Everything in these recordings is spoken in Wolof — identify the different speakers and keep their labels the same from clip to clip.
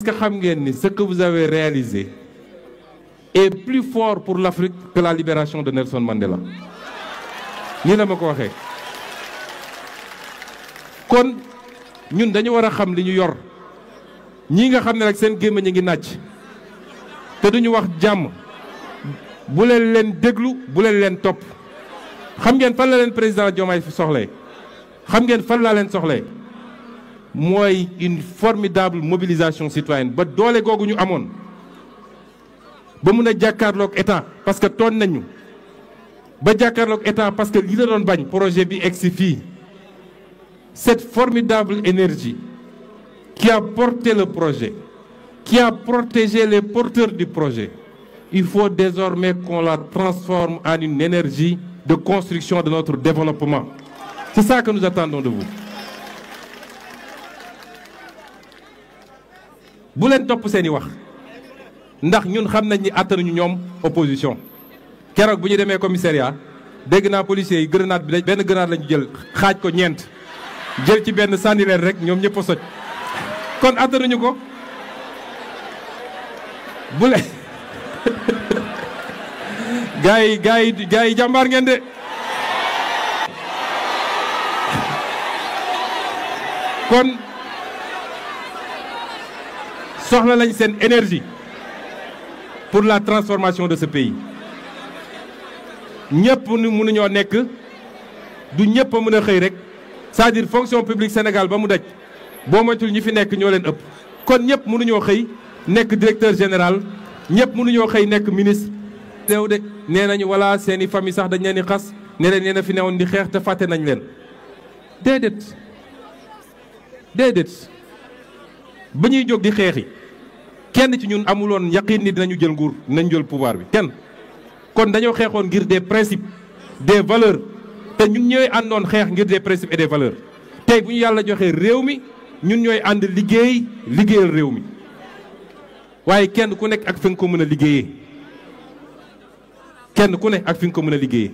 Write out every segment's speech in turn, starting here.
Speaker 1: Est-ce xam ngeen ni ce que vous avez réalisé est plus fort pour l'Afrique que la libération de Nelson Mandela nii la ma ko waxee kon ñun dañu war a xam li ñu yor ñii nga xam ne rek seen gémmiñ ñu ngi nàcc te duñu wax jàmm bu leen leen déglu bu leen leen topp xam ngeen fan la leen président Diomaye soxlee xam ngeen fan laa leen soxlee mooy une formidable mobilisation citoyenne ba doole googu ñu amoon ba mun a jàkkaarloog état parce que toon nañu ba jàkkaarloog état parce que li la doon bañ projet bi egsi fii cette formidable énergie qui a porté le projet qui a protégé les porteurs du projet il faut désormais qu'on la transforme en une énergie de construction de notre développement c'est ça que nous attendons de vous bu leen topp seen i wax ndax ñun xam nañ ni àttanuñu ñoom opposition keroog bu ñu demee commissariat dégg naa policiers yi grenade bi benn grenade la ñu jël xaaj ko ñeent jël ci benn sànni rek ñoom ñëpp a soj kon àttanuñu ko bu leen gars yi gars yi jàmbaar ngeen de kon soxla nañ seen énergie pour la transformation de ce pays ñëpp mënuñoo nekk du ñëpp a mën a xëy rek c'est-à-dire fonction publique Sénégal ba mu daj boo moytul ñi fi nekk ñoo leen ëpp kon ñëpp mënuñoo xëy nekk directeur général ñëpp mënuñoo xëy nekk ministre teew de nee nañu wala seen famille sax dañ leen di xas ne leen yéen a fi newoon di xeex te fàtte nañ leen déedéet déedéet ba ñuy jóg di xeexi kenn ci ñun amuloon yaqin ni dinañu jël nguur dinañ jël pouvoir bi kenn kon dañoo xeexoon ngir des principes des valeurs te ñun ñooy àndoon xeex ngir des principes et des valeurs tey bu ñu yàlla joxee réew mi ñun ñooy ànd liggéey liggéeyal réew mi waaye kenn ku nekk ak fi nga ko mën a liggéeyee kenn ku nekk ak fi nga ko mën a liggéeyee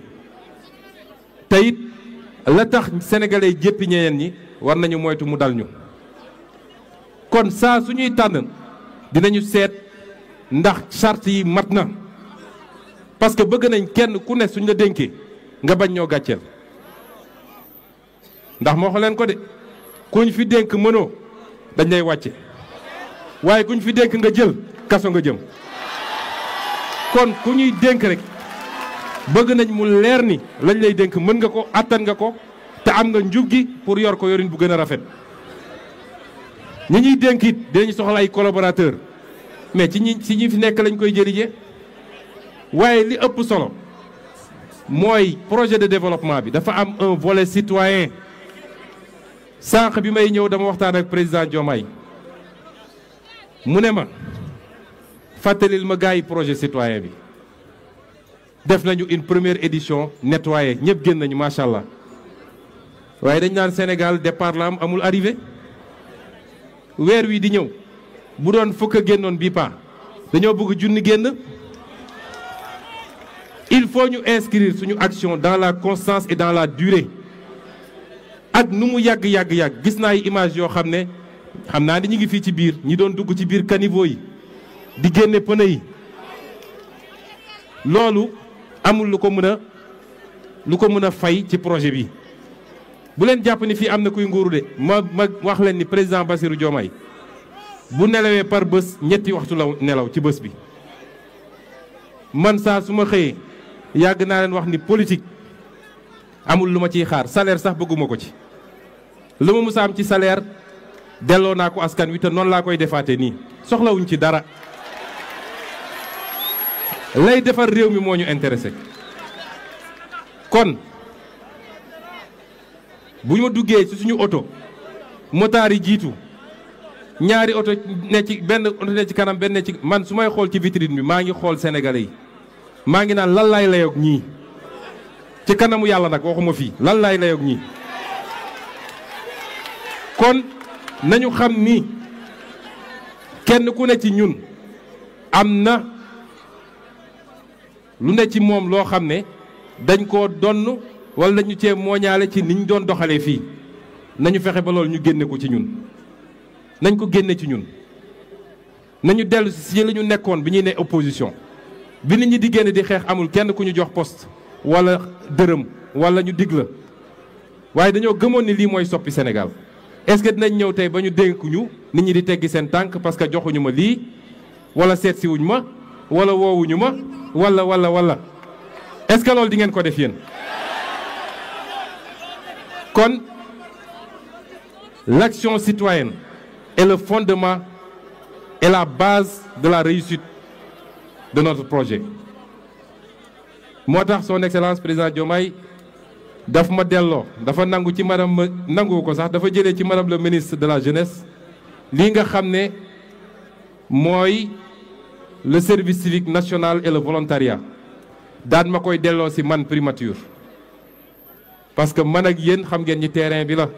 Speaker 1: te it la tax sénégalais jéppi ñeneen ñi war nañu moytu mu dal ñu kon saa suñuy tànn dinañu seet ndax charte yi mat na parce que bëgg nañ kenn ku ne suñ la dénkee nga bañ ñoo gàcceel ndax moo leen ko de kuñ fi dénk mënoo dañ lay wàcce waaye kuñ fi dénk nga jël kaso nga jëm kon ku ñuy dénk rek bëgg nañ mu leer ni lañ lay dénk mën nga ko attan nga ko te am nga njub gi pour yor ko yorin bu gën a rafet ñi ñuy dénkit dinañu soxla ay collaborateur mais ci ñi ci ñu fi nekk lañu koy jëriñee waaye li ëpp solo mooy projet de développement bi dafa am un volet citoyen sànq bi may ñëw dama waxtaan ak président Diomaye mu ne ma fàttalil ma gars yi projet citoyen bi def nañu une première édition nettoyée ñëpp génn nañu macha allah waaye dañ naan Sénégal départ la amul arrivé. weer wi di ñëw bu doon fukk génnoon bii paa dañoo bëgg junni génn il faut ñu inscrire suñu action dans la constance et dans la durée ak nu mu yàgg yàgg yàgg gis naa ay image yoo xam ne xam naa ni ñu ngi fii ci biir ñi doon dugg ci biir caniveau yi di génne pneu yi loolu amul lu ko mën a lu ko mën a fay ci projet bi bu leen jàpp ni fii am na kuy nguuru de ma ma wax leen ni président Bassirou Diomaye bu nelawee par bës ñetti waxtu la nelaw ci bës bi man saa su ma xëyee yàgg naa leen wax ni politique amul lu ma ciy xaar salaire sax bëgguma ko ci lu ma musa am ci salaire delloo naa ko askan wi te noonu laa koy defaate nii soxlawuñ ci dara lay defar réew mi moo ñu intéressé kon bu ñu ma duggee ci suñu oto motaar yi jiitu ñaari oto ne ci benn oto ne ci kanam benn ne ci man su may xool ci vitrine bi maa ngi xool senegale yi maa ngi naan lan laay layoog ñii ci kanamu yàlla nag waxuma fii lan laay layoog ñii kon nañu xam ni kenn ku ne ci ñun am na lu ne ci moom loo xam ne dañ koo donn wala dañu cee mooñaale ci niñ doon doxalee fii nañu fexe ba loolu ñu génne ko ci ñun nañ ko génne ci ñun nañu dellu si la ñu nekkoon bi ñuy ne opposition bi nit ñi di génn di xeex amul kenn ku ñu jox post wala dërëm wala ñu digla waaye dañoo gëmoon ni lii mooy soppi Sénégal est-ce que dinañ ñëw tey ba ñu dénk ñu nit ñi di teggi seen tànk parce que joxuñu ma lii wala seetsi wuñ ma wala woowuñu ma wala wala wala est-ce que loolu di ngeen ko def yéen kon l'action citoyenne est le fondement et la base de la réussite de notre projet moo tax son excellence président Diomaye daf ma delloo dafa nangu ci madame nangu ko sax dafa jëlee ci madame le ministre de la jeunesse lii nga xam ne mooy le service civique national et le volontariat daan ma koy delloo si man primature parce que man ak yéen xam ngeen ni terrain bi la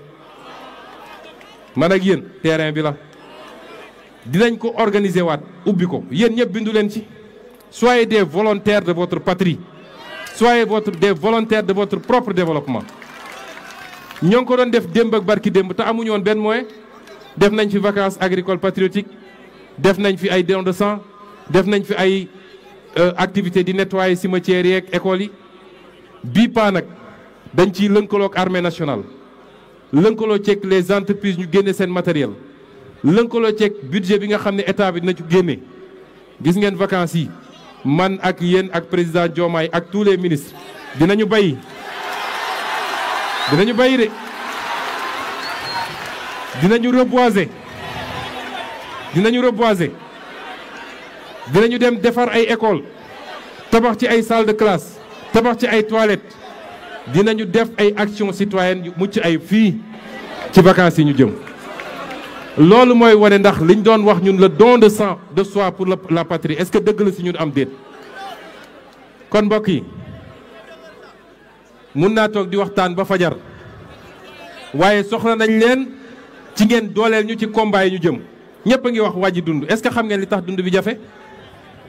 Speaker 1: man ak yéen terrain bi la dinañ ko organiser waat ubbi ko yéen ñëpp bindu leen ci soyez des volontaires de votre patrie soyez votre des volontaires de votre propre développement ñoo ngi ko doon def démb ak barki démb te amuñu benn moyen def nañ fi vacance agricole patriotiques def nañ fi ay don de sang def nañ fi ay euh, activités di nettoyer cimetières yeeg écoles yi bii paa nag dañ ci lënkaloog armée nationale lënkaloo ceeg les entreprises ñu génne seen matériel lënkaloo ceeg budget bi nga xam ne état bi dina ci génne gis ngeen vacances yi man ak yéen ak président joomaay ak tous les ministres dinañu bay dinañu bay de dinañu reboiser dinañu reboiser dinañu dem defar ay école tabax ci ay salle de classe tabax ci ay toilettes dinañu def ay action citoyenne yu mucc ay fii ci vacances yi ñu jëm loolu mooy wane ndax liñ doon wax ñun la don de sang de soi pour la patrie est-ce que dëgg la si ñun am déet kon mbokk yi mun naa toog di waxtaan ba fajar waaye soxla nañ leen ci ngeen dooleel ñu ci combat yi ñu jëm ñëpp a ngi wax wàjji dund est-ce que xam ngeen li tax dund bi jafe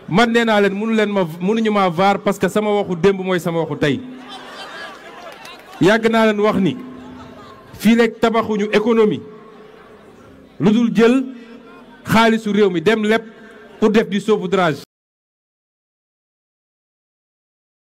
Speaker 1: man nee naa leen mënu leen ma mënuñu maa vaar parce que sama waxu démb mooy sama waxu tey yàgg naa leen wax ni fii rek tabaxuñu économie lu dul jël xaalisu réew mi dem lépp pour def di du saupoudrage